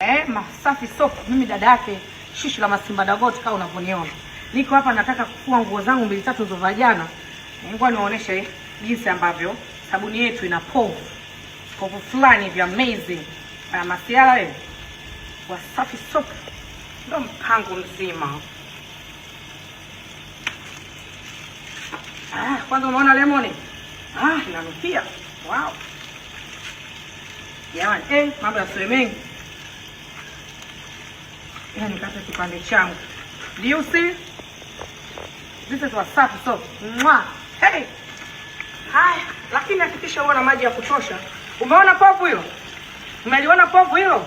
Eh, Masafi soko, mimi dada yake shushi la Masimba Dagot kama unavyoniona. Niko hapa nataka kufua nguo zangu mbili tatu zilizovaa jana. Ngoja niwaoneshe jinsi ambavyo sabuni yetu ina povu. Povu fulani vya amazing. Na masiala wewe. Wasafi soko. Ndio mpango mzima. Ah, kwanza unaona lemon? Ah, inanukia. Wow. Jamani, eh, mambo ya swimming. Ila yaani nikata kipande changu. Do you see? This is what's up so. Mwa. Hey. Hai, lakini hakikisha uwe na maji ya kutosha. Umeona povu hilo? Umeliona povu hilo?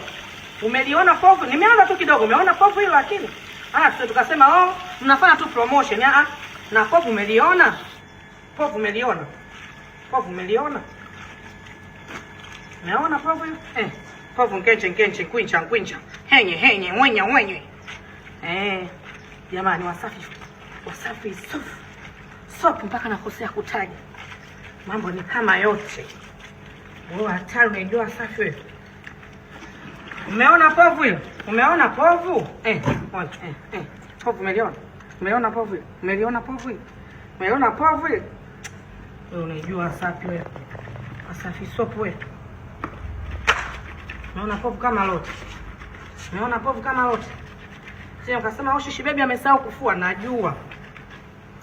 Umeliona povu? Nimeanza tu kidogo. Umeona povu hilo lakini? Ah, sasa tukasema oh, mnafanya tu promotion. Ah, ah, na povu umeliona? Povu umeliona? Povu umeliona? Umeona povu hilo? Eh. Povu nkenche nkenche kwincha kwincha. Henye henye wenye wenye. Eh. Jamani Wasafi. Wasafi mpaka nakosea kutaja. Mambo ni kama yote. Wewe hatari unajua Wasafi wewe. Umeona povu hiyo? Umeona povu? Eh, eh, eh. Povu Umeona povu povu Umeona povu Wewe unajua wewe. sopu wewe. Naona povu kama lote. Naona povu kama lote. Sio ukasema oshi shibebi amesahau kufua, najua.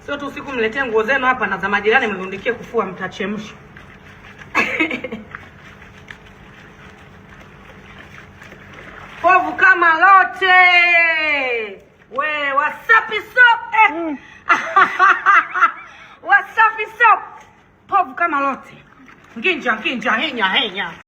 Sio tu usiku mletee nguo zenu hapa na za majirani mrundikie kufua mtachemsha. Povu kama lote. We, wasafi soap. Eh. Mm. wasafi soap. Povu kama lote. Nginja nginja henya henya.